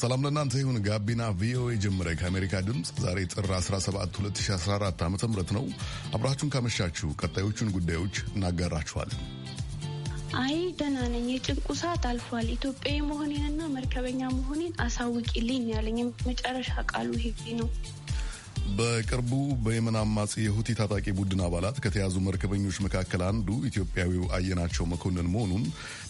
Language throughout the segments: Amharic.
ሰላም ለእናንተ ይሁን። ጋቢና ቪኦኤ ጀምረ ከአሜሪካ ድምፅ ዛሬ ጥር 17 2014 ዓ ም ነው። አብራችሁን ካመሻችሁ ቀጣዮቹን ጉዳዮች እናጋራችኋለን። አይ ደህና ነኝ፣ የጭንቁ ሰዓት አልፏል። ኢትዮጵያዊ መሆኔንና መርከበኛ መሆኔን አሳውቂልኝ ያለኝ የመጨረሻ ቃሉ ይሄ ነው። በቅርቡ በየመን አማጺ የሁቲ ታጣቂ ቡድን አባላት ከተያዙ መርከበኞች መካከል አንዱ ኢትዮጵያዊው አየናቸው መኮንን መሆኑን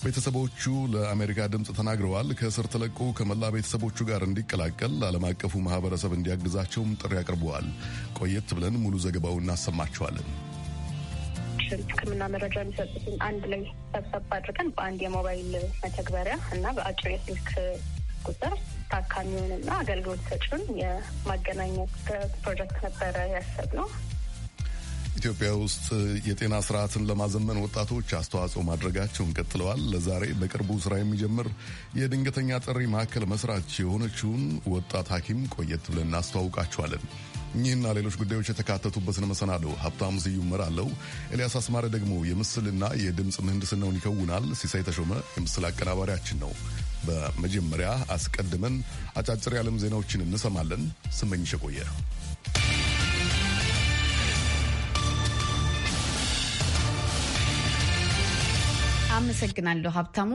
ቤተሰቦቹ ለአሜሪካ ድምፅ ተናግረዋል። ከእስር ተለቆ ከመላ ቤተሰቦቹ ጋር እንዲቀላቀል ዓለም አቀፉ ማህበረሰብ እንዲያግዛቸውም ጥሪ አቅርበዋል። ቆየት ብለን ሙሉ ዘገባው እናሰማቸዋለን። ሕክምና መረጃ የሚሰጡትን አንድ ላይ ሰብሰብ አድርገን በአንድ የሞባይል መተግበሪያ እና በአጭር የስልክ ቁጥር ታካሚውንና አገልግሎት ሰጪውን የማገናኘት ፕሮጀክት ነበረ ያሰብነው። ኢትዮጵያ ውስጥ የጤና ስርዓትን ለማዘመን ወጣቶች አስተዋጽኦ ማድረጋቸውን ቀጥለዋል። ለዛሬ በቅርቡ ስራ የሚጀምር የድንገተኛ ጥሪ ማዕከል መስራች የሆነችውን ወጣት ሐኪም ቆየት ብለን እናስተዋውቃችኋለን። እኚህና ሌሎች ጉዳዮች የተካተቱበትን መሰናዶ ሀብታሙ ስዩም እመራለሁ። ኤልያስ አስማረ ደግሞ የምስልና የድምፅ ምህንድስናውን ይከውናል። ሲሳይ ተሾመ የምስል አቀናባሪያችን ነው። በመጀመሪያ አስቀድመን አጫጭር የዓለም ዜናዎችን እንሰማለን። ስመኝሽ ቆየ። አመሰግናለሁ ሀብታሙ።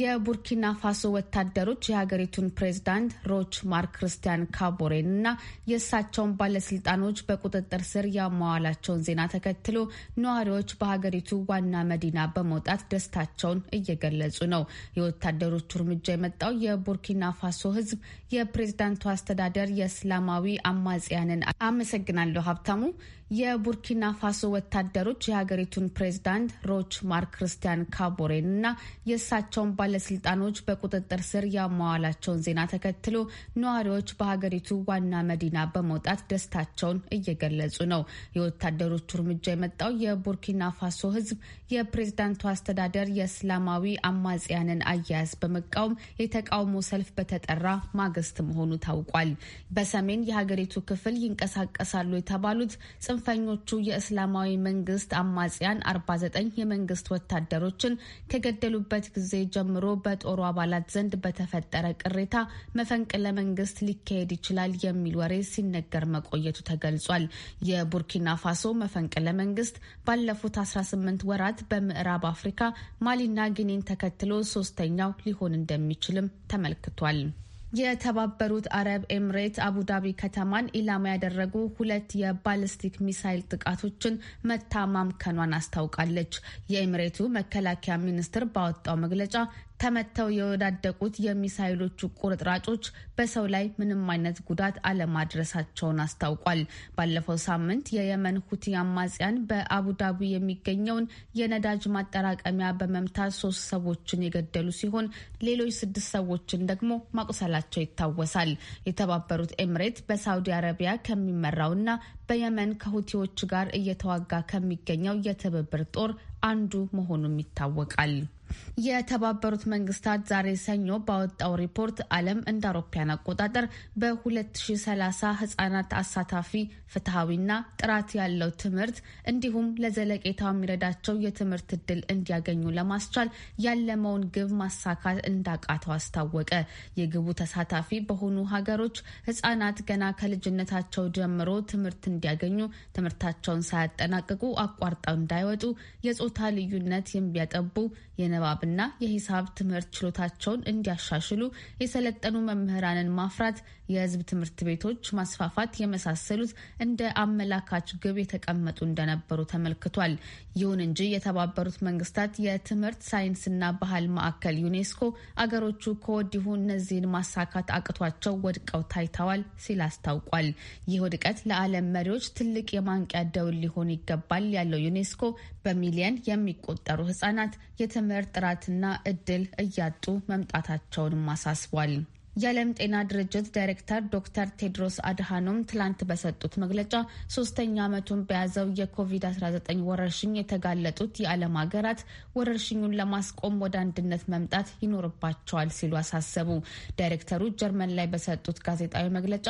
የቡርኪና ፋሶ ወታደሮች የሀገሪቱን ፕሬዝዳንት ሮች ማርክ ክርስቲያን ካቦሬን እና የእሳቸውን ባለስልጣኖች በቁጥጥር ስር ያማዋላቸውን ዜና ተከትሎ ነዋሪዎች በሀገሪቱ ዋና መዲና በመውጣት ደስታቸውን እየገለጹ ነው። የወታደሮቹ እርምጃ የመጣው የቡርኪና ፋሶ ህዝብ የፕሬዝዳንቱ አስተዳደር የእስላማዊ አማጽያንን አመሰግናለሁ። ሀብታሙ የቡርኪና ፋሶ ወታደሮች የሀገሪቱን ፕሬዝዳንት ሮች ማርክ ክርስቲያን ካቦሬን እና የእሳቸውን ባለስልጣኖች በቁጥጥር ስር ያማዋላቸውን ዜና ተከትሎ ነዋሪዎች በሀገሪቱ ዋና መዲና በመውጣት ደስታቸውን እየገለጹ ነው። የወታደሮቹ እርምጃ የመጣው የቡርኪና ፋሶ ሕዝብ የፕሬዝዳንቱ አስተዳደር የእስላማዊ አማጽያንን አያያዝ በመቃወም የተቃውሞ ሰልፍ በተጠራ ማግስት መሆኑ ታውቋል። በሰሜን የሀገሪቱ ክፍል ይንቀሳቀሳሉ የተባሉት ጽንፈኞቹ የእስላማዊ መንግስት አማጽያን 49 የመንግስት ወታደሮችን ከገደሉበት ጊዜ ጀምሮ ጨምሮ በጦሩ አባላት ዘንድ በተፈጠረ ቅሬታ መፈንቅለ መንግስት ሊካሄድ ይችላል የሚል ወሬ ሲነገር መቆየቱ ተገልጿል። የቡርኪና ፋሶ መፈንቅለ መንግስት ባለፉት 18 ወራት በምዕራብ አፍሪካ ማሊና ጊኒን ተከትሎ ሶስተኛው ሊሆን እንደሚችልም ተመልክቷል። የተባበሩት አረብ ኤምሬት አቡዳቢ ከተማን ኢላማ ያደረጉ ሁለት የባሊስቲክ ሚሳይል ጥቃቶችን መታ ማምከኗን አስታውቃለች። የኤምሬቱ መከላከያ ሚኒስትር ባወጣው መግለጫ ተመተው የወዳደቁት የሚሳይሎቹ ቁርጥራጮች በሰው ላይ ምንም አይነት ጉዳት አለማድረሳቸውን አስታውቋል። ባለፈው ሳምንት የየመን ሁቲ አማጽያን በአቡዳቢ የሚገኘውን የነዳጅ ማጠራቀሚያ በመምታት ሶስት ሰዎችን የገደሉ ሲሆን ሌሎች ስድስት ሰዎችን ደግሞ ማቁሰላቸው ይታወሳል። የተባበሩት ኤምሬት በሳውዲ አረቢያ ከሚመራውና በየመን ከሁቲዎች ጋር እየተዋጋ ከሚገኘው የትብብር ጦር አንዱ መሆኑም ይታወቃል። የተባበሩት መንግስታት ዛሬ ሰኞ ባወጣው ሪፖርት ዓለም እንደ አውሮፓያን አቆጣጠር በ2030 ህጻናት አሳታፊ ፍትሐዊና ጥራት ያለው ትምህርት እንዲሁም ለዘለቄታው የሚረዳቸው የትምህርት እድል እንዲያገኙ ለማስቻል ያለመውን ግብ ማሳካት እንዳቃተው አስታወቀ። የግቡ ተሳታፊ በሆኑ ሀገሮች ህጻናት ገና ከልጅነታቸው ጀምሮ ትምህርት እንዲያገኙ፣ ትምህርታቸውን ሳያጠናቅቁ አቋርጠው እንዳይወጡ፣ የጾታ ልዩነት የሚያጠቡ የንባብና የሂሳብ ትምህርት ችሎታቸውን እንዲያሻሽሉ የሰለጠኑ መምህራንን ማፍራት፣ የህዝብ ትምህርት ቤቶች ማስፋፋት የመሳሰሉት እንደ አመላካች ግብ የተቀመጡ እንደነበሩ ተመልክቷል። ይሁን እንጂ የተባበሩት መንግስታት የትምህርት ሳይንስና ባህል ማዕከል ዩኔስኮ አገሮቹ ከወዲሁ እነዚህን ማሳካት አቅቷቸው ወድቀው ታይተዋል ሲል አስታውቋል። ይህ ውድቀት ለዓለም መሪዎች ትልቅ የማንቂያ ደውል ሊሆን ይገባል ያለው ዩኔስኮ በሚሊየን የሚቆጠሩ ህጻናት የትምህርት ጥራትና እድል እያጡ መምጣታቸውንም አሳስቧል። የዓለም ጤና ድርጅት ዳይሬክተር ዶክተር ቴድሮስ አድሃኖም ትላንት በሰጡት መግለጫ ሶስተኛ ዓመቱን በያዘው የኮቪድ-19 ወረርሽኝ የተጋለጡት የዓለም ሀገራት ወረርሽኙን ለማስቆም ወደ አንድነት መምጣት ይኖርባቸዋል ሲሉ አሳሰቡ። ዳይሬክተሩ ጀርመን ላይ በሰጡት ጋዜጣዊ መግለጫ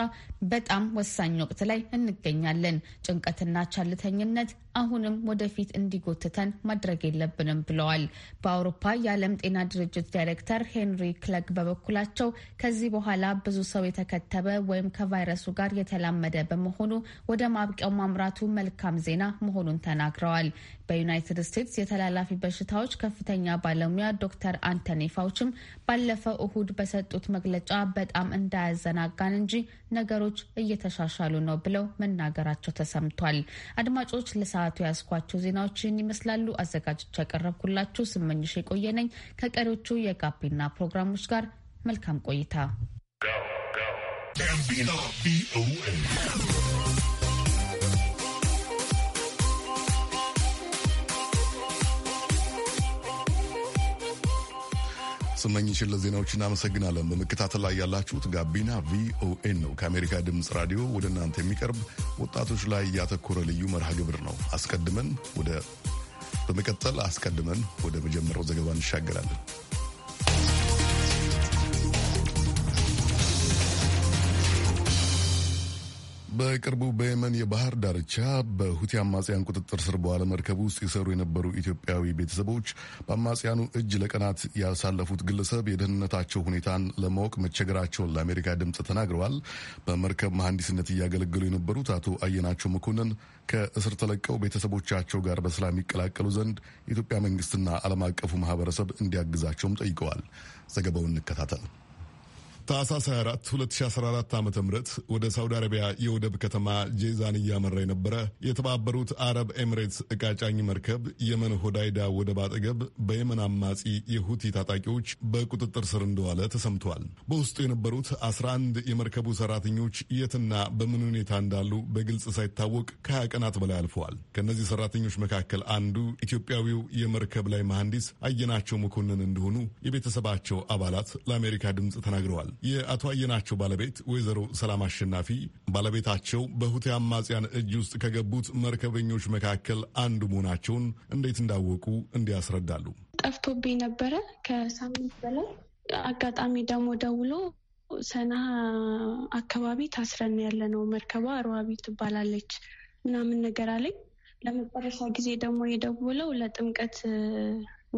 በጣም ወሳኝ ወቅት ላይ እንገኛለን። ጭንቀትና ቸልተኝነት አሁንም ወደፊት እንዲጎትተን ማድረግ የለብንም ብለዋል። በአውሮፓ የዓለም ጤና ድርጅት ዳይሬክተር ሄንሪ ክለግ በበኩላቸው ከዚህ በኋላ ብዙ ሰው የተከተበ ወይም ከቫይረሱ ጋር የተላመደ በመሆኑ ወደ ማብቂያው ማምራቱ መልካም ዜና መሆኑን ተናግረዋል። በዩናይትድ ስቴትስ የተላላፊ በሽታዎች ከፍተኛ ባለሙያ ዶክተር አንቶኒ ፋውችም ባለፈው እሁድ በሰጡት መግለጫ በጣም እንዳያዘናጋን እንጂ ነገሮች እየተሻሻሉ ነው ብለው መናገራቸው ተሰምቷል። አድማጮች ለሰዓቱ ያስኳቸው ዜናዎች ይህን ይመስላሉ። አዘጋጆች ያቀረብኩላችሁ ስመኝሽ የቆየ ነኝ። ከቀሪዎቹ የጋቢና ፕሮግራሞች ጋር መልካም ቆይታ። ስመኝችን ለዜናዎች እናመሰግናለን። በመከታተል ላይ ያላችሁት ጋቢና ቪኦኤን ነው። ከአሜሪካ ድምፅ ራዲዮ ወደ እናንተ የሚቀርብ ወጣቶች ላይ ያተኮረ ልዩ መርሃ ግብር ነው። አስቀድመን ወደ በመቀጠል አስቀድመን ወደ መጀመሪያው ዘገባ እንሻገራለን። በቅርቡ በየመን የባህር ዳርቻ በሁቲ አማጽያን ቁጥጥር ስር በዋለ መርከብ ውስጥ የሰሩ የነበሩ ኢትዮጵያዊ ቤተሰቦች በአማጽያኑ እጅ ለቀናት ያሳለፉት ግለሰብ የደህንነታቸው ሁኔታን ለማወቅ መቸገራቸውን ለአሜሪካ ድምፅ ተናግረዋል። በመርከብ መሐንዲስነት እያገለገሉ የነበሩት አቶ አየናቸው መኮንን ከእስር ተለቀው ቤተሰቦቻቸው ጋር በሰላም ይቀላቀሉ ዘንድ የኢትዮጵያ መንግስትና ዓለም አቀፉ ማህበረሰብ እንዲያግዛቸውም ጠይቀዋል። ዘገባውን እንከታተል። ታህሳስ 24 2014 ዓ ም ወደ ሳውዲ አረቢያ የወደብ ከተማ ጄዛን እያመራ የነበረ የተባበሩት አረብ ኤምሬትስ እቃጫኝ መርከብ የመን ሆዳይዳ ወደብ አጠገብ በየመን አማጺ የሁቲ ታጣቂዎች በቁጥጥር ስር እንደዋለ ተሰምቷል። በውስጡ የነበሩት 11 የመርከቡ ሰራተኞች የትና በምን ሁኔታ እንዳሉ በግልጽ ሳይታወቅ ከ20 ቀናት በላይ አልፈዋል። ከእነዚህ ሰራተኞች መካከል አንዱ ኢትዮጵያዊው የመርከብ ላይ መሐንዲስ አየናቸው መኮንን እንደሆኑ የቤተሰባቸው አባላት ለአሜሪካ ድምፅ ተናግረዋል። የአቶ አየናቸው ባለቤት ወይዘሮ ሰላም አሸናፊ ባለቤታቸው በሁቴ አማጽያን እጅ ውስጥ ከገቡት መርከበኞች መካከል አንዱ መሆናቸውን እንዴት እንዳወቁ እንዲያስረዳሉ። ጠፍቶብኝ ነበረ ከሳምንት በላይ። አጋጣሚ ደግሞ ደውሎ ሰና አካባቢ ታስረን ያለ ነው መርከቧ ረዋቢ ትባላለች ምናምን ነገር አለኝ። ለመጨረሻ ጊዜ ደግሞ የደወለው ለጥምቀት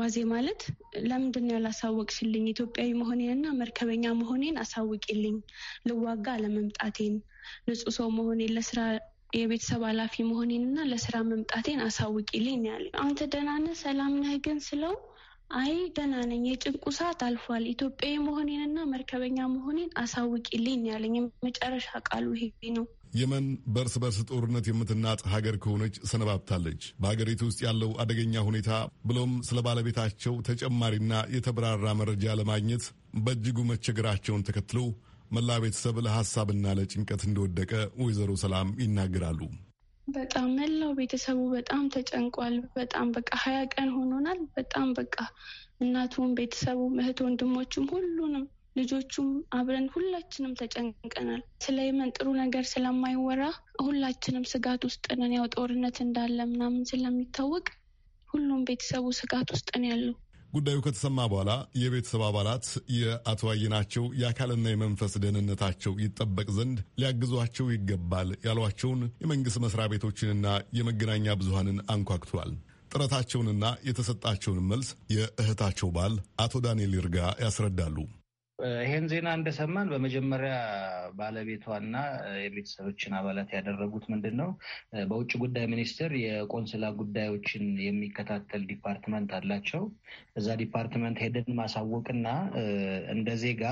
ዋዜ ማለት ለምንድን ያላሳወቅሽልኝ ኢትዮጵያዊ መሆኔንና መርከበኛ መሆኔን አሳውቂልኝ፣ ልዋጋ አለመምጣቴን፣ ንጹህ ሰው መሆኔን፣ ለስራ የቤተሰብ ኃላፊ መሆኔንና ለስራ መምጣቴን አሳውቂልኝ ያለ አንተ ደህና ነህ ሰላም ነህ ግን ስለው አይ ደህና ነኝ፣ የጭንቁ ሰዓት አልፏል። ኢትዮጵያዊ መሆኔንና መርከበኛ መሆኔን አሳውቂልኝ ያለኝ የመጨረሻ ቃሉ ይሄ ነው። የመን በእርስ በርስ ጦርነት የምትናጥ ሀገር ከሆነች ሰነባብታለች። በሀገሪቱ ውስጥ ያለው አደገኛ ሁኔታ ብሎም ስለ ባለቤታቸው ተጨማሪና የተብራራ መረጃ ለማግኘት በእጅጉ መቸገራቸውን ተከትሎ መላ ቤተሰብ ለሀሳብና ለጭንቀት እንደወደቀ ወይዘሮ ሰላም ይናገራሉ። በጣም መላው ቤተሰቡ በጣም ተጨንቋል። በጣም በቃ ሀያ ቀን ሆኖናል። በጣም በቃ እናቱም ቤተሰቡ እህት ወንድሞችም ሁሉንም ልጆቹም አብረን ሁላችንም ተጨንቀናል። ስለ የመን ጥሩ ነገር ስለማይወራ ሁላችንም ስጋት ውስጥ ነን። ያው ጦርነት እንዳለ ምናምን ስለሚታወቅ ሁሉም ቤተሰቡ ስጋት ውስጥ ነው ያለው። ጉዳዩ ከተሰማ በኋላ የቤተሰብ አባላት የአቶ አየናቸው የአካልና የመንፈስ ደህንነታቸው ይጠበቅ ዘንድ ሊያግዟቸው ይገባል ያሏቸውን የመንግሥት መስሪያ ቤቶችንና የመገናኛ ብዙሃንን አንኳክቷል። ጥረታቸውንና የተሰጣቸውን መልስ የእህታቸው ባል አቶ ዳንኤል ይርጋ ያስረዳሉ። ይህን ዜና እንደሰማን በመጀመሪያ ባለቤቷና የቤተሰቦችን አባላት ያደረጉት ምንድን ነው? በውጭ ጉዳይ ሚኒስቴር የቆንስላ ጉዳዮችን የሚከታተል ዲፓርትመንት አላቸው። እዛ ዲፓርትመንት ሄደን ማሳወቅና እንደ ዜጋ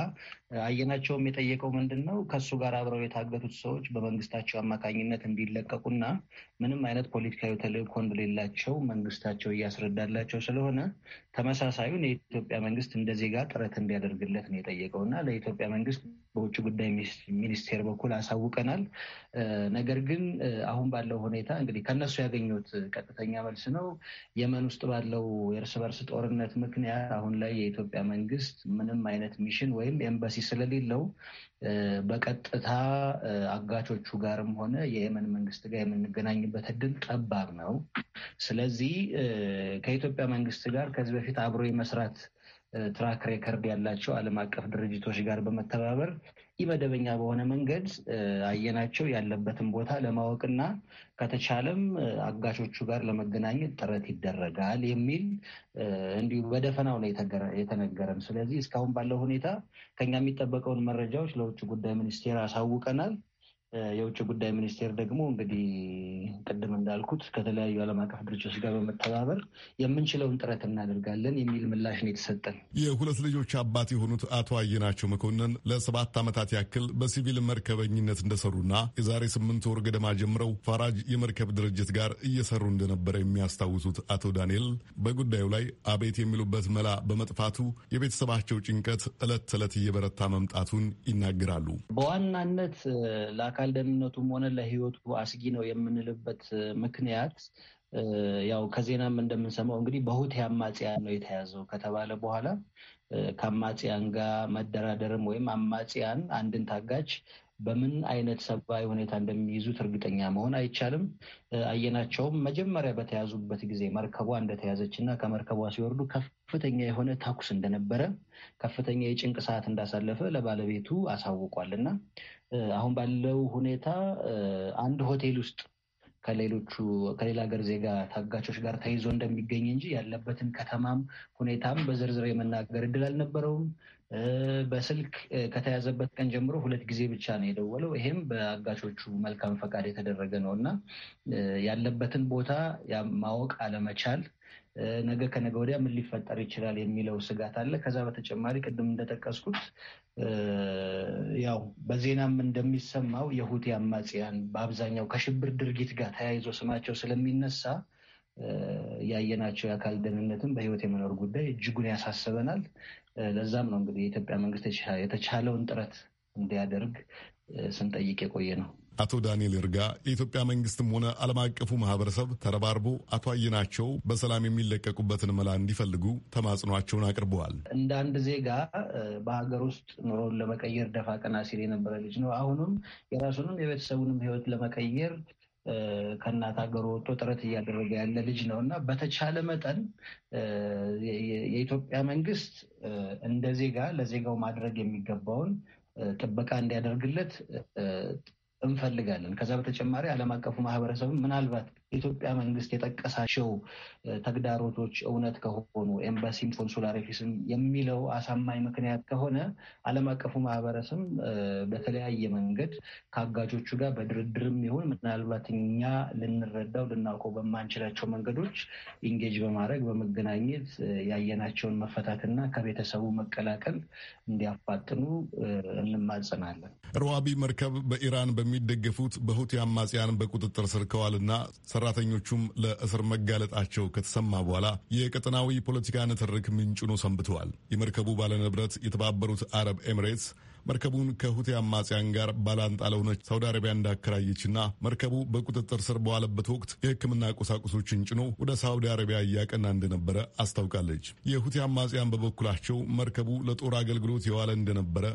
አየናቸውም የጠየቀው ምንድን ነው ከሱ ጋር አብረው የታገቱት ሰዎች በመንግስታቸው አማካኝነት እንዲለቀቁና ምንም አይነት ፖለቲካዊ ተልእኮ እንደሌላቸው መንግስታቸው እያስረዳላቸው ስለሆነ ተመሳሳዩን የኢትዮጵያ መንግስት እንደ ዜጋ ጥረት እንዲያደርግለት ነው የጠየቀው እና ለኢትዮጵያ መንግስት በውጭ ጉዳይ ሚኒስቴር በኩል አሳውቀናል። ነገር ግን አሁን ባለው ሁኔታ እንግዲህ ከነሱ ያገኙት ቀጥተኛ መልስ ነው። የመን ውስጥ ባለው የእርስ በርስ ጦርነት ምክንያት አሁን ላይ የኢትዮጵያ መንግስት ምንም አይነት ሚሽን ወይም ኤምባሲ ስለሌለው በቀጥታ አጋቾቹ ጋርም ሆነ የየመን መንግስት ጋር የምንገናኝበት እድል ጠባብ ነው። ስለዚህ ከኢትዮጵያ መንግስት ጋር ከዚህ በፊት አብሮ የመስራት ትራክ ሬከርድ ያላቸው ዓለም አቀፍ ድርጅቶች ጋር በመተባበር ኢመደበኛ በሆነ መንገድ አየናቸው ያለበትን ቦታ ለማወቅና ከተቻለም አጋቾቹ ጋር ለመገናኘት ጥረት ይደረጋል የሚል እንዲሁ በደፈናው ነው የተነገረን። ስለዚህ እስካሁን ባለው ሁኔታ ከኛ የሚጠበቀውን መረጃዎች ለውጭ ጉዳይ ሚኒስቴር አሳውቀናል። የውጭ ጉዳይ ሚኒስቴር ደግሞ እንግዲህ ቅድም እንዳልኩት ከተለያዩ ዓለም አቀፍ ድርጅቶች ጋር በመተባበር የምንችለውን ጥረት እናደርጋለን የሚል ምላሽ ነው የተሰጠን። የሁለት ልጆች አባት የሆኑት አቶ አየናቸው መኮንን ለሰባት ዓመታት ያክል በሲቪል መርከበኝነት እንደሰሩና የዛሬ ስምንት ወር ገደማ ጀምረው ፋራጅ የመርከብ ድርጅት ጋር እየሰሩ እንደነበረ የሚያስታውሱት አቶ ዳንኤል በጉዳዩ ላይ አቤት የሚሉበት መላ በመጥፋቱ የቤተሰባቸው ጭንቀት ዕለት ተዕለት እየበረታ መምጣቱን ይናገራሉ። በዋናነት ለአካ ለአካል ደህንነቱም ሆነ ለህይወቱ አስጊ ነው የምንልበት ምክንያት ያው ከዜናም እንደምንሰማው እንግዲህ በሁቴ አማጽያን ነው የተያዘው ከተባለ በኋላ ከአማጽያን ጋር መደራደርም ወይም አማጽያን አንድን ታጋች በምን አይነት ሰብአዊ ሁኔታ እንደሚይዙት እርግጠኛ መሆን አይቻልም። አየናቸውም መጀመሪያ በተያዙበት ጊዜ መርከቧ እንደተያዘች እና ከመርከቧ ሲወርዱ ከፍተኛ የሆነ ተኩስ እንደነበረ፣ ከፍተኛ የጭንቅ ሰዓት እንዳሳለፈ ለባለቤቱ አሳውቋል እና አሁን ባለው ሁኔታ አንድ ሆቴል ውስጥ ከሌሎቹ ከሌላ ሀገር ዜጋ ታጋቾች ጋር ተይዞ እንደሚገኝ እንጂ ያለበትን ከተማም ሁኔታም በዝርዝር የመናገር እድል አልነበረውም። በስልክ ከተያዘበት ቀን ጀምሮ ሁለት ጊዜ ብቻ ነው የደወለው። ይሄም በአጋቾቹ መልካም ፈቃድ የተደረገ ነው እና ያለበትን ቦታ ማወቅ አለመቻል ነገ ከነገ ወዲያ ምን ሊፈጠር ይችላል የሚለው ስጋት አለ። ከዛ በተጨማሪ ቅድም እንደጠቀስኩት ያው በዜናም እንደሚሰማው የሁቲ አማጽያን በአብዛኛው ከሽብር ድርጊት ጋር ተያይዞ ስማቸው ስለሚነሳ ያየናቸው የአካል ደህንነትን በህይወት የመኖር ጉዳይ እጅጉን ያሳስበናል። ለዛም ነው እንግዲህ የኢትዮጵያ መንግስት የተቻለውን ጥረት እንዲያደርግ ስንጠይቅ የቆየ ነው። አቶ ዳንኤል እርጋ የኢትዮጵያ መንግስትም ሆነ ዓለም አቀፉ ማህበረሰብ ተረባርቦ አቶ አየናቸው በሰላም የሚለቀቁበትን መላ እንዲፈልጉ ተማጽኗቸውን አቅርበዋል። እንደ አንድ ዜጋ በሀገር ውስጥ ኑሮን ለመቀየር ደፋ ቀና ሲል የነበረ ልጅ ነው። አሁንም የራሱንም የቤተሰቡንም ህይወት ለመቀየር ከእናት ሀገር ወጥቶ ጥረት እያደረገ ያለ ልጅ ነው እና በተቻለ መጠን የኢትዮጵያ መንግስት እንደ ዜጋ ለዜጋው ማድረግ የሚገባውን ጥበቃ እንዲያደርግለት እንፈልጋለን። ከዛ በተጨማሪ ዓለም አቀፉ ማህበረሰብ ምናልባት የኢትዮጵያ መንግስት የጠቀሳቸው ተግዳሮቶች እውነት ከሆኑ ኤምባሲም ኮንሱላር ኦፊስም የሚለው አሳማኝ ምክንያት ከሆነ ዓለም አቀፉ ማህበረሰብ በተለያየ መንገድ ከአጋጆቹ ጋር በድርድርም ይሁን ምናልባት እኛ ልንረዳው ልናውቀው በማንችላቸው መንገዶች ኢንጌጅ በማድረግ በመገናኘት ያየናቸውን መፈታትና ከቤተሰቡ መቀላቀል እንዲያፋጥኑ እንማጸናለን። ሮዋቢ መርከብ በኢራን በሚደገፉት በሁቲ አማጽያን በቁጥጥር ስር ከዋልና ሰራተኞቹም ለእስር መጋለጣቸው ከተሰማ በኋላ የቀጠናዊ ፖለቲካ ንትርክ ምንጭኖ ሰንብተዋል። የመርከቡ ባለንብረት የተባበሩት አረብ ኤሚሬትስ መርከቡን ከሁቴ አማጽያን ጋር ባላንጣ ለሆነች ሳውዲ አረቢያ እንዳከራየችና መርከቡ በቁጥጥር ስር በዋለበት ወቅት የሕክምና ቁሳቁሶችን ጭኖ ወደ ሳውዲ አረቢያ እያቀና እንደነበረ አስታውቃለች። የሁቴ አማጽያን በበኩላቸው መርከቡ ለጦር አገልግሎት የዋለ እንደነበረ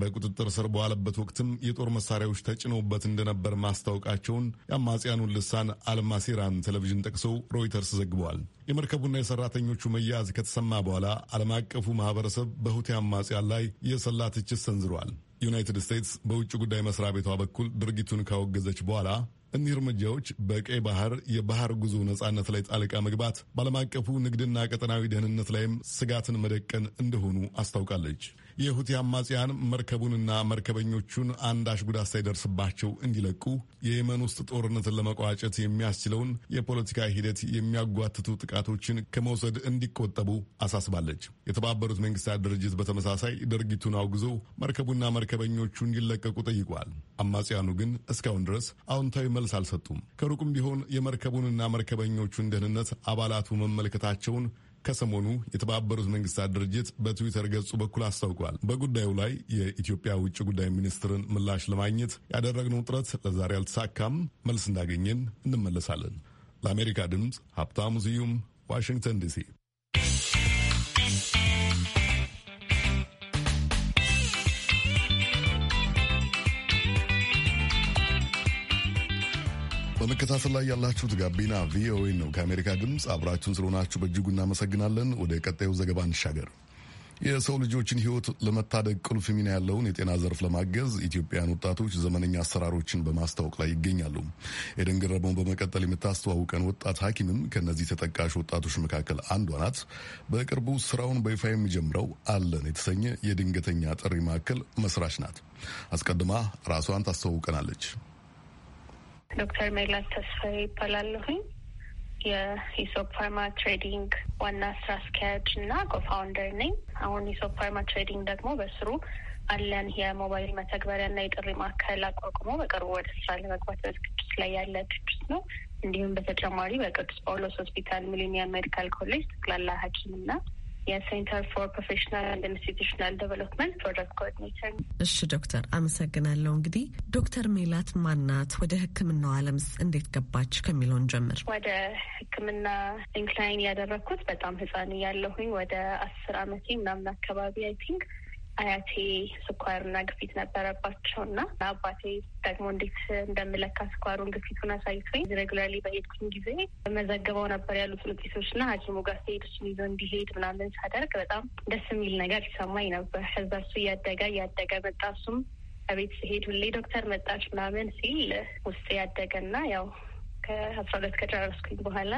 በቁጥጥር ስር በዋለበት ወቅትም የጦር መሳሪያዎች ተጭነውበት እንደነበር ማስታወቃቸውን የአማጽያኑን ልሳን አልማሲራን ቴሌቪዥን ጠቅሰው ሮይተርስ ዘግበዋል። የመርከቡና የሰራተኞቹ መያዝ ከተሰማ በኋላ ዓለም አቀፉ ማህበረሰብ በሁቲ አማጽያን ላይ የሰላ ትችት ሰንዝሯል። ዩናይትድ ስቴትስ በውጭ ጉዳይ መስሪያ ቤቷ በኩል ድርጊቱን ካወገዘች በኋላ እኒህ እርምጃዎች በቀይ ባህር የባህር ጉዞ ነጻነት ላይ ጣልቃ መግባት፣ በዓለም አቀፉ ንግድና ቀጠናዊ ደህንነት ላይም ስጋትን መደቀን እንደሆኑ አስታውቃለች። የሁቲ አማጽያን መርከቡንና መርከበኞቹን አንዳች ጉዳት ሳይደርስባቸው እንዲለቁ የየመን ውስጥ ጦርነትን ለመቋጨት የሚያስችለውን የፖለቲካ ሂደት የሚያጓትቱ ጥቃቶችን ከመውሰድ እንዲቆጠቡ አሳስባለች። የተባበሩት መንግስታት ድርጅት በተመሳሳይ ድርጊቱን አውግዞ መርከቡና መርከበኞቹ እንዲለቀቁ ጠይቋል። አማጽያኑ ግን እስካሁን ድረስ አዎንታዊ መልስ አልሰጡም። ከሩቅም ቢሆን የመርከቡንና መርከበኞቹን ደህንነት አባላቱ መመልከታቸውን ከሰሞኑ የተባበሩት መንግስታት ድርጅት በትዊተር ገጹ በኩል አስታውቋል። በጉዳዩ ላይ የኢትዮጵያ ውጭ ጉዳይ ሚኒስትርን ምላሽ ለማግኘት ያደረግነው ጥረት ለዛሬ አልተሳካም። መልስ እንዳገኘን እንመለሳለን። ለአሜሪካ ድምፅ ሀብታሙ ስዩም ዋሽንግተን ዲሲ በመከታተል ላይ ያላችሁት ጋቢና ቪኦኤ ነው። ከአሜሪካ ድምፅ አብራችሁን ስለሆናችሁ በእጅጉ እናመሰግናለን። ወደ ቀጣዩ ዘገባ እንሻገር። የሰው ልጆችን ሕይወት ለመታደግ ቁልፍ ሚና ያለውን የጤና ዘርፍ ለማገዝ ኢትዮጵያውያን ወጣቶች ዘመነኛ አሰራሮችን በማስታወቅ ላይ ይገኛሉ። ኤደን ገረመውን በመቀጠል የምታስተዋውቀን ወጣት ሐኪምም ከእነዚህ ተጠቃሽ ወጣቶች መካከል አንዷ ናት። በቅርቡ ስራውን በይፋ የሚጀምረው አለን የተሰኘ የድንገተኛ ጥሪ ማዕከል መስራች ናት። አስቀድማ ራሷን ታስተዋውቀናለች። ዶክተር ሜላት ተስፋዬ ይባላለሁኝ። የኢሶፕ ፋርማ ትሬዲንግ ዋና ስራ አስኪያጅ እና ኮፋውንደር ነኝ። አሁን ኢሶፕ ፋርማ ትሬዲንግ ደግሞ በስሩ አለን የሞባይል መተግበሪያ እና የጥሪ ማዕከል አቋቁሞ በቅርቡ ወደ ስራ ለመግባት በዝግጅት ላይ ያለ ድርጅት ነው። እንዲሁም በተጨማሪ በቅዱስ ጳውሎስ ሆስፒታል ሚሊኒየም ሜዲካል ኮሌጅ ጠቅላላ ሐኪምና የሴንተር ፎር ፕሮፌሽናል አንድ ኢንስቲቱሽናል ዴቨሎፕመንት ፕሮጀክት ኮኦርዲኔተር። እሺ ዶክተር አመሰግናለሁ። እንግዲህ ዶክተር ሜላት ማናት ወደ ህክምናው አለምስ እንዴት ገባች ከሚለውን ጀምር። ወደ ህክምና ኢንክላይን ያደረግኩት በጣም ህጻን እያለሁኝ ወደ አስር አመቴ ምናምን አካባቢ አይ ቲንክ አያቴ ስኳርና ግፊት ነበረባቸው እና አባቴ ደግሞ እንዴት እንደምለካ ስኳሩን ግፊቱን አሳይቶኝ ሬጉላርሊ በሄድኩኝ ጊዜ መዘግበው ነበር ያሉት ውጤቶች እና ሐኪሙ ጋር ስሄድ ይዞ እንዲሄድ ምናምን ሳደርግ በጣም ደስ የሚል ነገር ይሰማኝ ነበር። ከዛ እሱ እያደገ እያደገ መጣ። እሱም ከቤት ስሄድ ሁሌ ዶክተር መጣች ምናምን ሲል ውስጥ ያደገና ያው ከአስራ ሁለት ከጨረስኩኝ በኋላ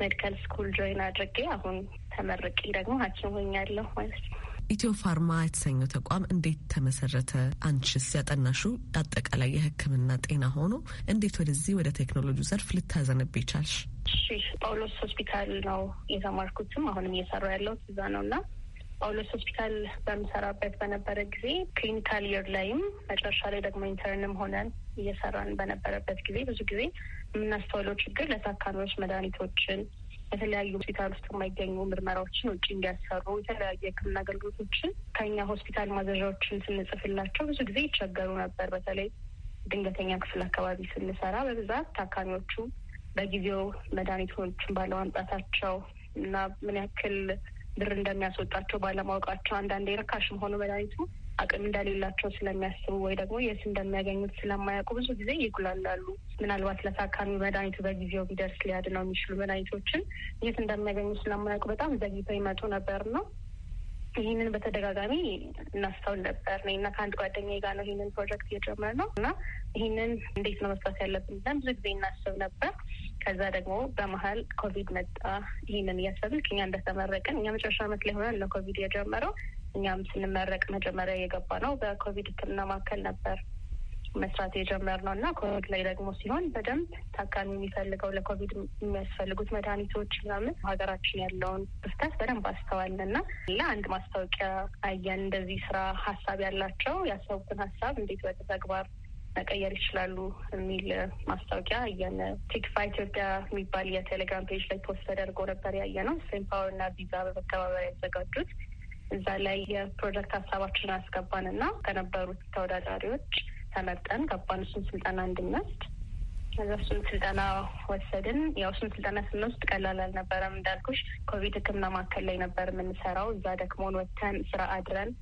ሜዲካል ስኩል ጆይን አድርጌ አሁን ተመርቄ ደግሞ ሐኪም ሆኛለሁ ማለት ነው። ኢትዮ ፋርማ የተሰኘው ተቋም እንዴት ተመሰረተ? አንቺስ ያጠናሹ አጠቃላይ የሕክምና ጤና ሆኖ እንዴት ወደዚህ ወደ ቴክኖሎጂ ዘርፍ ልታዘንብ ይቻልሽ? እሺ፣ ጳውሎስ ሆስፒታል ነው የተማርኩትም አሁንም እየሰራ ያለሁት እዛ ነው እና ጳውሎስ ሆስፒታል በምሰራበት በነበረ ጊዜ ክሊኒካል የር ላይም መጨረሻ ላይ ደግሞ ኢንተርንም ሆነን እየሰራን በነበረበት ጊዜ ብዙ ጊዜ የምናስተውለው ችግር ለታካሚዎች መድኃኒቶችን የተለያዩ ሆስፒታል ውስጥ የማይገኙ ምርመራዎችን ውጭ እንዲያሰሩ የተለያዩ የሕክምና አገልግሎቶችን ከኛ ሆስፒታል ማዘዣዎችን ስንጽፍላቸው ብዙ ጊዜ ይቸገሩ ነበር። በተለይ ድንገተኛ ክፍል አካባቢ ስንሰራ በብዛት ታካሚዎቹ በጊዜው መድኃኒቶችን ባለማምጣታቸው እና ምን ያክል ብር እንደሚያስወጣቸው ባለማወቃቸው አንዳንዴ ርካሽ ሆኖ መድኃኒቱ አቅም እንደሌላቸው ስለሚያስቡ ወይ ደግሞ የት እንደሚያገኙት ስለማያውቁ ብዙ ጊዜ ይጉላላሉ። ምናልባት ለታካሚ መድኃኒቱ በጊዜው ቢደርስ ሊያድነው የሚችሉ መድኃኒቶችን የት እንደሚያገኙ ስለማያውቁ በጣም ዘግይተው ይመጡ ነበር ነው። ይህንን በተደጋጋሚ እናስተውል ነበር ነ እና ከአንድ ጓደኛ ጋር ነው ይህንን ፕሮጀክት ነው እና ይህንን እንዴት ነው መስራት ያለብን ብለን ብዙ ጊዜ እናስብ ነበር። ከዛ ደግሞ በመሀል ኮቪድ መጣ። ይህንን እያሰብን ከኛ እንደተመረቅን እኛ መጨረሻ ዓመት ላይ ሆነን ለኮቪድ የጀመረው። እኛም ስንመረቅ መጀመሪያ የገባ ነው በኮቪድ ህክምና ማዕከል ነበር መስራት ነው እና ኮቪድ ላይ ደግሞ ሲሆን በደንብ ታካሚ የሚፈልገው ለኮቪድ የሚያስፈልጉት መድኃኒቶች ምናምን ሀገራችን ያለውን ክፍተት በደንብ አስተዋልን እና ለአንድ ማስታወቂያ አየን። እንደዚህ ስራ ሀሳብ ያላቸው ያሰቡትን ሀሳብ እንዴት ወደ ተግባር መቀየር ይችላሉ የሚል ማስታወቂያ አየን። ቲክፋ ኢትዮጵያ የሚባል የቴሌግራም ፔጅ ላይ ፖስት ተደርጎ ነበር ያየ ነው። ሴምፓወር እና ቪዛ በመተባበር ያዘጋጁት እዛ ላይ የፕሮጀክት ሀሳባችን አስገባን እና ከነበሩት ተወዳዳሪዎች ተመርጠን ገባን። እሱን ስልጠና እንድንወስድ ከዛ እሱን ስልጠና ወሰድን። ያው እሱን ስልጠና ስንወስድ ቀላል አልነበረም። እንዳልኩሽ ኮቪድ ሕክምና ማዕከል ላይ ነበር የምንሰራው። እዛ ደክሞን ወጥተን ስራ አድረን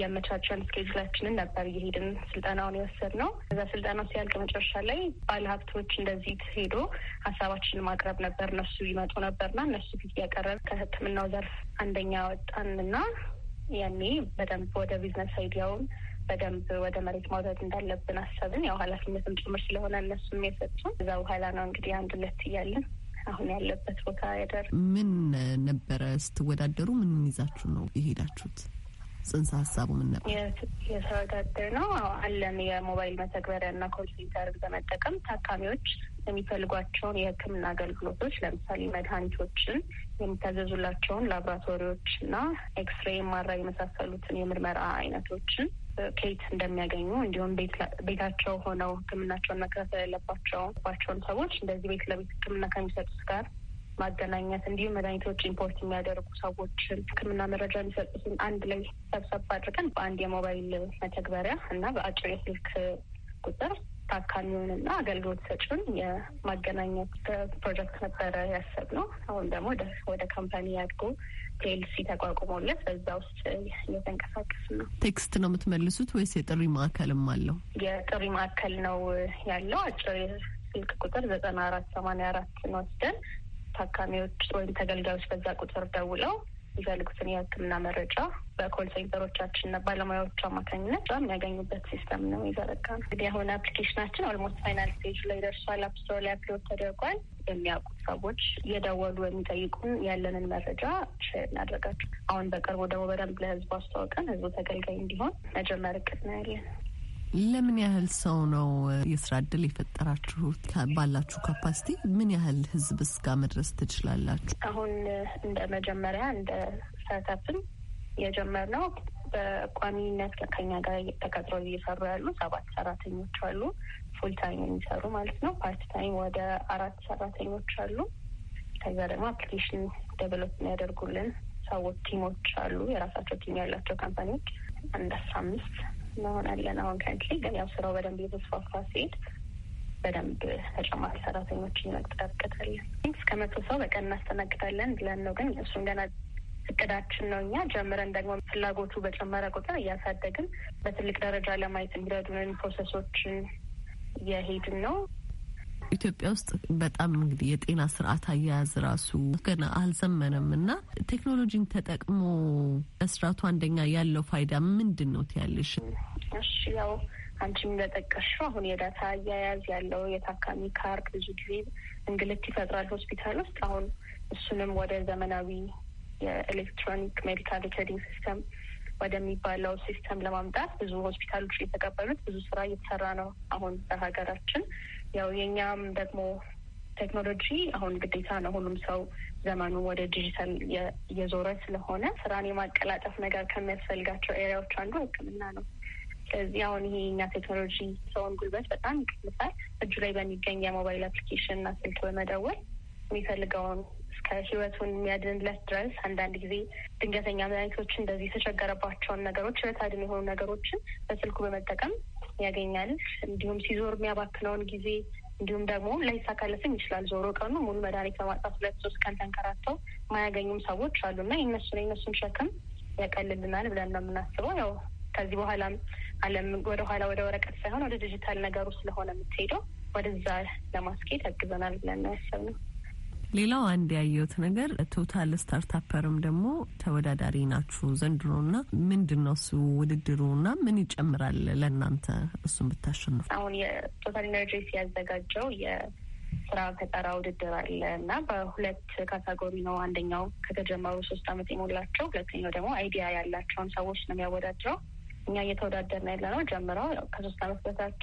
የመቻቸን ስኬጁላችንን ነበር እየሄድን ስልጠናውን የወሰድ ነው። ከዛ ስልጠናው ሲያልቅ መጨረሻ ላይ ባለሀብቶች እንደዚህ ሄዶ ሀሳባችንን ማቅረብ ነበር። እነሱ ይመጡ ነበርና እነሱ ፊት እያቀረብ ከህክምናው ዘርፍ አንደኛ ወጣንና ያኔ በደንብ ወደ ቢዝነስ አይዲያውን በደንብ ወደ መሬት ማውጣት እንዳለብን አሰብን። ያው ኃላፊነትም ጭምር ስለሆነ እነሱም የሰጡን እዛ በኋላ ነው እንግዲህ አንድ ሁለት እያለን አሁን ያለበት ቦታ ያደር ምን ነበረ? ስትወዳደሩ ምን ይዛችሁ ነው የሄዳችሁት? ጽንሰ ሀሳቡ ምን ነበር? የተወዳደር ነው አለን የሞባይል መተግበሪያና ኮል ሴንተርን በመጠቀም ታካሚዎች የሚፈልጓቸውን የሕክምና አገልግሎቶች ለምሳሌ መድኃኒቶችን፣ የሚታዘዙላቸውን ላቦራቶሪዎች እና ኤክስሬ፣ ማራ የመሳሰሉትን የምርመራ አይነቶችን ከየት እንደሚያገኙ እንዲሁም ቤታቸው ሆነው ሕክምናቸውን መከታተል ያለባቸው ሰዎች እንደዚህ ቤት ለቤት ሕክምና ከሚሰጡት ጋር ማገናኘት እንዲሁም መድኃኒቶች ኢምፖርት የሚያደርጉ ሰዎችን ሕክምና መረጃ የሚሰጡትን አንድ ላይ ሰብሰብ አድርገን በአንድ የሞባይል መተግበሪያ እና በአጭር የስልክ ቁጥር ታካሚውንና አገልግሎት ሰጪውን የማገናኘት ፕሮጀክት ነበረ ያሰብነው። አሁን ደግሞ ወደ ካምፓኒ ያድጎ ቴልሲ ተቋቁሞለት በዛ ውስጥ እየተንቀሳቀስ ነው። ቴክስት ነው የምትመልሱት ወይስ የጥሪ ማዕከልም አለው? የጥሪ ማዕከል ነው ያለው። አጭር ስልክ ቁጥር ዘጠና አራት ሰማንያ አራት ወስደን ታካሚዎች ወይም ተገልጋዮች በዛ ቁጥር ደውለው የሚፈልጉትን የሕክምና መረጃ በኮል ሴንተሮቻችንና ባለሙያዎቹ አማካኝነት የሚያገኙበት ሲስተም ነው የዘረጋ ነው። እንግዲህ አሁን አፕሊኬሽናችን ኦልሞስት ፋይናል ስቴጅ ላይ ደርሷል። አፕስቶር ላይ አፕሎድ ተደርጓል። የሚያውቁት ሰዎች እየደወሉ የሚጠይቁን ያለንን መረጃ እናደርጋቸው። አሁን በቅርቡ ደግሞ በደንብ ለህዝቡ አስተዋውቀን ህዝቡ ተገልጋይ እንዲሆን መጀመር እቅድ ነው ያለን። ለምን ያህል ሰው ነው የስራ እድል የፈጠራችሁት? ባላችሁ ካፓሲቲ ምን ያህል ህዝብ እስጋ መድረስ ትችላላችሁ? አሁን እንደ መጀመሪያ እንደ የጀመር የጀመርነው በቋሚነት ከኛ ጋር ተቀጥረው እየሰሩ ያሉ ሰባት ሰራተኞች አሉ። ፉል ታይም የሚሰሩ ማለት ነው። ፓርት ታይም ወደ አራት ሰራተኞች አሉ። ከዛ ደግሞ አፕሊኬሽን ዴቨሎፕ የሚያደርጉልን ሰዎች ቲሞች አሉ። የራሳቸው ቲም ያላቸው ካምፓኒዎች አንድ አስራ አምስት እንሆናለን። አሁን ከንትሊ ግን ያው ስራው በደንብ እየተስፋፋ ሲሄድ በደንብ ተጨማሪ ሰራተኞችን እንጠብቅታለን። እስከ መቶ ሰው በቀን እናስተናግዳለን ብለን ነው። ግን እሱን ገና እቅዳችን ነው። እኛ ጀምረን ደግሞ ፍላጎቱ በጨመረ ቁጥር እያሳደግን በትልቅ ደረጃ ለማየት የሚረዱንን ፕሮሰሶችን እየሄድን ነው። ኢትዮጵያ ውስጥ በጣም እንግዲህ የጤና ስርዓት አያያዝ ራሱ ገና አልዘመነም እና ቴክኖሎጂን ተጠቅሞ መስራቱ አንደኛ ያለው ፋይዳ ምንድን ነው ትያለሽ? እሺ ያው አንቺ እንደጠቀሽው አሁን የዳታ አያያዝ ያለው የታካሚ ካርድ ብዙ ጊዜ እንግልት ይፈጥራል ሆስፒታል ውስጥ። አሁን እሱንም ወደ ዘመናዊ የኤሌክትሮኒክ ሜዲካል ሪከርዲንግ ሲስተም ወደሚባለው ሲስተም ለማምጣት ብዙ ሆስፒታሎች የተቀበሉት ብዙ ስራ እየተሰራ ነው አሁን በሀገራችን ያው የእኛም ደግሞ ቴክኖሎጂ አሁን ግዴታ ነው። ሁሉም ሰው ዘመኑ ወደ ዲጂታል እየዞረ ስለሆነ ስራን የማቀላጠፍ ነገር ከሚያስፈልጋቸው ኤሪያዎች አንዱ ሕክምና ነው። ስለዚህ አሁን ይሄ የኛ ቴክኖሎጂ ሰውን ጉልበት በጣም ይቀንሳል። እጁ ላይ በሚገኝ የሞባይል አፕሊኬሽን እና ስልክ በመደወል የሚፈልገውን እስከ ህይወቱን የሚያድንለት ድረስ አንዳንድ ጊዜ ድንገተኛ መድኃኒቶችን እንደዚህ የተቸገረባቸውን ነገሮች ህይወት አድን የሆኑ ነገሮችን በስልኩ በመጠቀም ያገኛል። እንዲሁም ሲዞር የሚያባክነውን ጊዜ እንዲሁም ደግሞ ላይሳካለትም ይችላል። ዞሮ ቀኑ ሙሉ መድኃኒት በማጣት ሁለት ሶስት ቀን ተንከራተው ማያገኙም ሰዎች አሉና የነሱን የነሱን ሸክም ያቀልልናል ብለን ነው የምናስበው። ያው ከዚህ በኋላ ዓለም ወደኋላ ወደ ወረቀት ሳይሆን ወደ ዲጂታል ነገሩ ስለሆነ የምትሄደው ወደዛ ለማስኬድ ያግዘናል ብለን ነው ያሰብነው። ሌላው አንድ ያየሁት ነገር ቶታል ስታርታፐርም ደግሞ ተወዳዳሪ ናችሁ ዘንድሮ ና ምንድን ነው እሱ ውድድሩ ና ምን ይጨምራል ለእናንተ እሱን ብታሸንፉ? አሁን የቶታል ኢነርጂስ ያዘጋጀው የስራ ፈጠራ ውድድር አለ እና በሁለት ካታጎሪ ነው። አንደኛው ከተጀመሩ ሶስት አመት የሞላቸው፣ ሁለተኛው ደግሞ አይዲያ ያላቸውን ሰዎች ነው የሚያወዳድረው። እኛ እየተወዳደር ነው ያለ ነው ጀምረው ከሶስት አመት በታች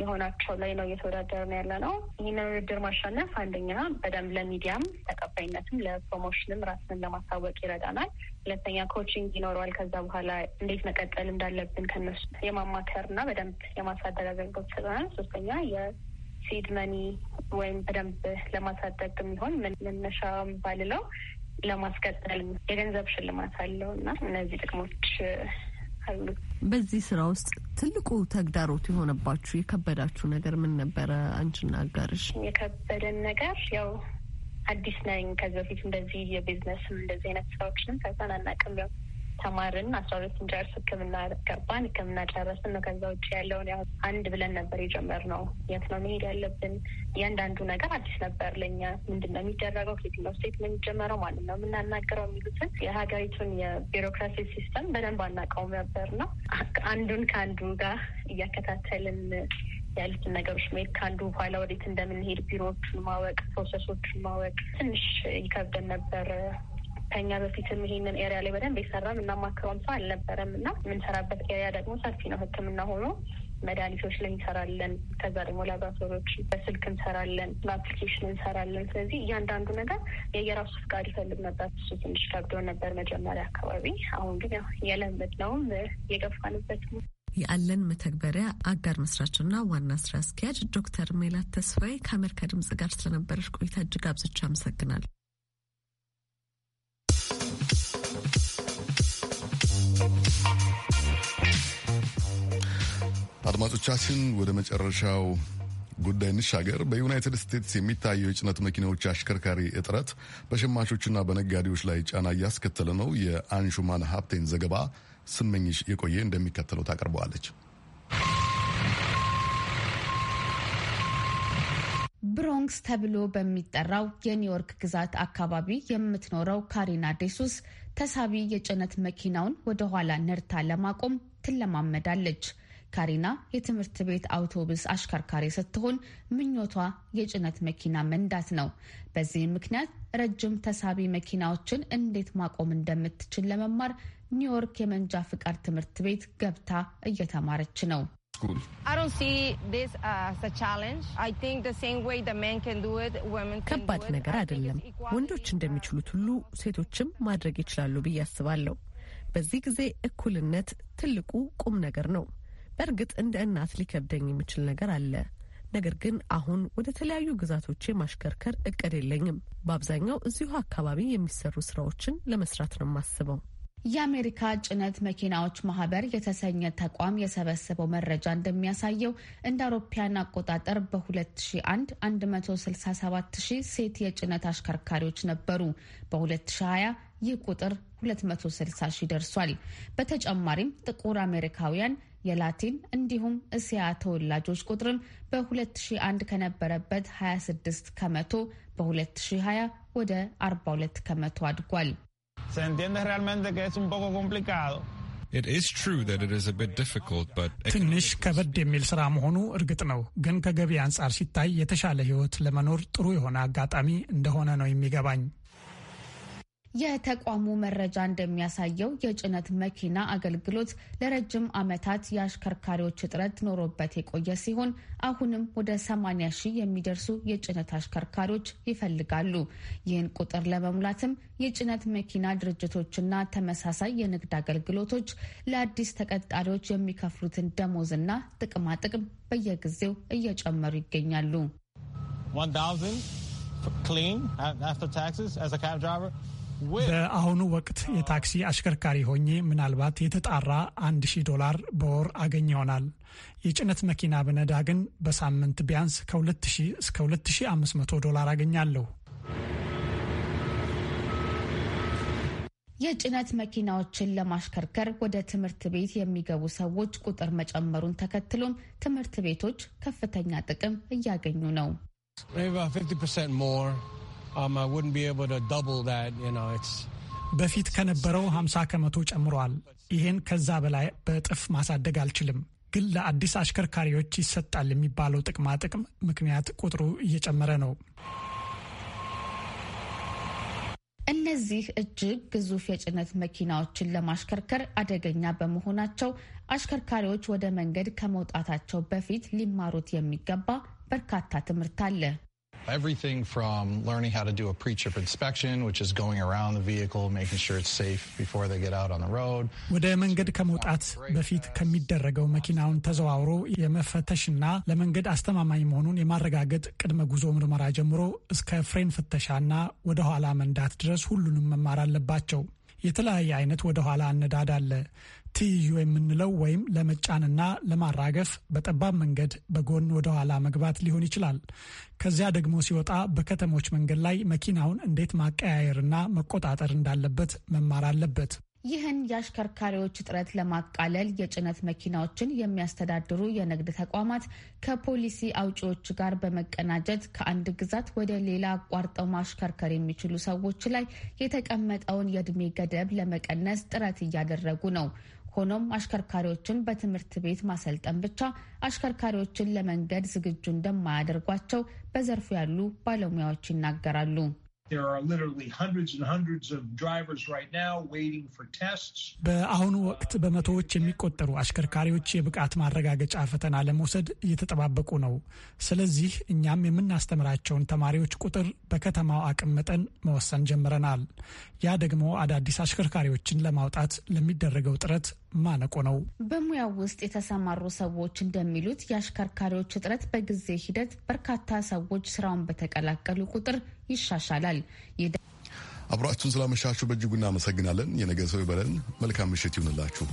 የሆናቸው ላይ ነው እየተወዳደር ነው ያለ ነው። ይህንን ውድድር ማሸነፍ አንደኛ በደንብ ለሚዲያም ተቀባይነትም ለፕሮሞሽንም ራስን ለማሳወቅ ይረዳናል። ሁለተኛ ኮችንግ ይኖረዋል። ከዛ በኋላ እንዴት መቀጠል እንዳለብን ከነሱ የማማከር እና በደንብ የማሳደግ አገልግሎት ይሰጠናል። ሶስተኛ የሲድ መኒ ወይም በደንብ ለማሳደግ የሚሆን መነሻ ባልለው ለማስቀጠል የገንዘብ ሽልማት አለው እና እነዚህ ጥቅሞች አሉ። በዚህ ስራ ውስጥ ትልቁ ተግዳሮት የሆነባችሁ የከበዳችሁ ነገር ምን ነበረ? አንቺና አጋርሽ? የከበደን ነገር ያው አዲስ ነኝ። ከዚህ በፊት እንደዚህ የቢዝነስም እንደዚህ አይነት ስራዎችንም ከዛን አናውቅም። ያው ተማርን፣ አስራ ሁለት ስንጨርስ ህክምና ገባን። ህክምና ጨረስን ነው። ከዛ ውጭ ያለውን ያው አንድ ብለን ነበር የጀመርነው። የት ነው መሄድ ያለብን? እያንዳንዱ ነገር አዲስ ነበር ለእኛ። ምንድን ነው የሚደረገው? ከየትኛው ስቴት ነው የሚጀመረው? ማለት ነው የምናናገረው? የሚሉትን የሀገሪቱን የቢሮክራሲ ሲስተም በደንብ አናውቀውም ነበር ነው አንዱን ከአንዱ ጋር እያከታተልን ያሉትን ነገሮች መሄድ ከአንዱ በኋላ ወዴት እንደምንሄድ ቢሮዎቹን ማወቅ፣ ፕሮሰሶቹን ማወቅ ትንሽ ይከብደን ነበር። ከኛ በፊትም ይሄንን ኤሪያ ላይ በደንብ የሰራም እናማክረውም ሰው አልነበረም እና የምንሰራበት ኤሪያ ደግሞ ሰፊ ነው። ህክምና ሆኖ መድኃኒቶች ላይ እንሰራለን። ከዛ ደግሞ ላብራቶሪዎች በስልክ እንሰራለን፣ በአፕሊኬሽን እንሰራለን። ስለዚህ እያንዳንዱ ነገር የየራሱ ፍቃድ ይፈልግ ነበር። እሱ ትንሽ ከብዶ ነበር መጀመሪያ አካባቢ። አሁን ግን ያው ነውም የገፋንበት የአለን መተግበሪያ አጋር መስራችና ዋና ስራ አስኪያጅ ዶክተር ሜላት ተስፋዬ ከአሜሪካ ድምጽ ጋር ስለነበረች ቆይታ እጅግ አብዝቻ አመሰግናል። አድማጮቻችን ወደ መጨረሻው ጉዳይ እንሻገር። በዩናይትድ ስቴትስ የሚታየው የጭነት መኪናዎች አሽከርካሪ እጥረት በሸማቾችና በነጋዴዎች ላይ ጫና እያስከተለ ነው። የአንሹማን ሀብቴን ዘገባ ስመኝሽ የቆየ እንደሚከተለው ታቀርበዋለች። ብሮንክስ ተብሎ በሚጠራው የኒውዮርክ ግዛት አካባቢ የምትኖረው ካሪና ዴሱስ ተሳቢ የጭነት መኪናውን ወደኋላ ነርታ ለማቆም ትለማመዳለች። ካሪና የትምህርት ቤት አውቶቡስ አሽከርካሪ ስትሆን ምኞቷ የጭነት መኪና መንዳት ነው። በዚህም ምክንያት ረጅም ተሳቢ መኪናዎችን እንዴት ማቆም እንደምትችል ለመማር ኒውዮርክ የመንጃ ፍቃድ ትምህርት ቤት ገብታ እየተማረች ነው። ከባድ ነገር አይደለም። ወንዶች እንደሚችሉት ሁሉ ሴቶችም ማድረግ ይችላሉ ብዬ አስባለሁ። በዚህ ጊዜ እኩልነት ትልቁ ቁም ነገር ነው። በእርግጥ እንደ እናት ሊከብደኝ የሚችል ነገር አለ። ነገር ግን አሁን ወደ ተለያዩ ግዛቶቼ ማሽከርከር እቅድ የለኝም። በአብዛኛው እዚሁ አካባቢ የሚሰሩ ስራዎችን ለመስራት ነው የማስበው። የአሜሪካ ጭነት መኪናዎች ማህበር የተሰኘ ተቋም የሰበሰበው መረጃ እንደሚያሳየው እንደ አውሮፓያን አቆጣጠር በ2001 ሺህ ሴት የጭነት አሽከርካሪዎች ነበሩ። በ2020 ይህ ቁጥር 260 ሺህ ደርሷል። በተጨማሪም ጥቁር አሜሪካውያን የላቲን እንዲሁም እስያ ተወላጆች ቁጥርም በ2001 ከነበረበት 26 ከመቶ በ2020 ወደ 42 ከመቶ አድጓል። ትንሽ ከበድ የሚል ስራ መሆኑ እርግጥ ነው፣ ግን ከገቢ አንጻር ሲታይ የተሻለ ህይወት ለመኖር ጥሩ የሆነ አጋጣሚ እንደሆነ ነው የሚገባኝ። የተቋሙ መረጃ እንደሚያሳየው የጭነት መኪና አገልግሎት ለረጅም ዓመታት የአሽከርካሪዎች እጥረት ኖሮበት የቆየ ሲሆን አሁንም ወደ 80 ሺህ የሚደርሱ የጭነት አሽከርካሪዎች ይፈልጋሉ። ይህን ቁጥር ለመሙላትም የጭነት መኪና ድርጅቶችና ተመሳሳይ የንግድ አገልግሎቶች ለአዲስ ተቀጣሪዎች የሚከፍሉትን ደሞዝና ጥቅማጥቅም በየጊዜው እየጨመሩ ይገኛሉ። በአሁኑ ወቅት የታክሲ አሽከርካሪ ሆኜ ምናልባት የተጣራ አንድ ሺህ ዶላር በወር አገኝ ይሆናል። የጭነት መኪና ብነዳ ግን በሳምንት ቢያንስ ከ2000 እስከ 2500 ዶላር አገኛለሁ። የጭነት መኪናዎችን ለማሽከርከር ወደ ትምህርት ቤት የሚገቡ ሰዎች ቁጥር መጨመሩን ተከትሎም ትምህርት ቤቶች ከፍተኛ ጥቅም እያገኙ ነው። Um, በፊት ከነበረው 50 ከመቶ ጨምሯል። ይህን ከዛ በላይ በእጥፍ ማሳደግ አልችልም። ግን ለአዲስ አሽከርካሪዎች ይሰጣል የሚባለው ጥቅማ ጥቅም ምክንያት ቁጥሩ እየጨመረ ነው። እነዚህ እጅግ ግዙፍ የጭነት መኪናዎችን ለማሽከርከር አደገኛ በመሆናቸው አሽከርካሪዎች ወደ መንገድ ከመውጣታቸው በፊት ሊማሩት የሚገባ በርካታ ትምህርት አለ። Everything from learning how to do a pre trip inspection, which is going around the vehicle, making sure it's safe before they get out on the road. ወደ መንገድ ከመውጣት በፊት ከሚደረገው መኪናውን ተዘዋውሮ የመፈተሽና ለመንገድ አስተማማኝ መሆኑን የማረጋገጥ ቅድመ ጉዞ ምርመራ ጀምሮ እስከ ፍሬን ፍተሻና ወደ ኋላ መንዳት ድረስ ሁሉንም መማር አለባቸው። የተለያየ አይነት ወደ ኋላ አነዳድ አለ። ትይዩ የምንለው ወይም ለመጫንና ለማራገፍ በጠባብ መንገድ በጎን ወደኋላ መግባት ሊሆን ይችላል። ከዚያ ደግሞ ሲወጣ በከተሞች መንገድ ላይ መኪናውን እንዴት ማቀያየርና መቆጣጠር እንዳለበት መማር አለበት። ይህን የአሽከርካሪዎች እጥረት ለማቃለል የጭነት መኪናዎችን የሚያስተዳድሩ የንግድ ተቋማት ከፖሊሲ አውጪዎች ጋር በመቀናጀት ከአንድ ግዛት ወደ ሌላ አቋርጠው ማሽከርከር የሚችሉ ሰዎች ላይ የተቀመጠውን የእድሜ ገደብ ለመቀነስ ጥረት እያደረጉ ነው። ሆኖም አሽከርካሪዎችን በትምህርት ቤት ማሰልጠን ብቻ አሽከርካሪዎችን ለመንገድ ዝግጁ እንደማያደርጓቸው በዘርፉ ያሉ ባለሙያዎች ይናገራሉ። በአሁኑ ወቅት በመቶዎች የሚቆጠሩ አሽከርካሪዎች የብቃት ማረጋገጫ ፈተና ለመውሰድ እየተጠባበቁ ነው። ስለዚህ እኛም የምናስተምራቸውን ተማሪዎች ቁጥር በከተማው አቅም መጠን መወሰን ጀምረናል። ያ ደግሞ አዳዲስ አሽከርካሪዎችን ለማውጣት ለሚደረገው ጥረት ማነቆ ነው። በሙያው ውስጥ የተሰማሩ ሰዎች እንደሚሉት የአሽከርካሪዎች እጥረት በጊዜ ሂደት በርካታ ሰዎች ስራውን በተቀላቀሉ ቁጥር ይሻሻላል። አብራችሁን ስላመሻችሁ በእጅጉ እናመሰግናለን። የነገ ሰው ይበለን። መልካም ምሽት ይሁንላችሁ።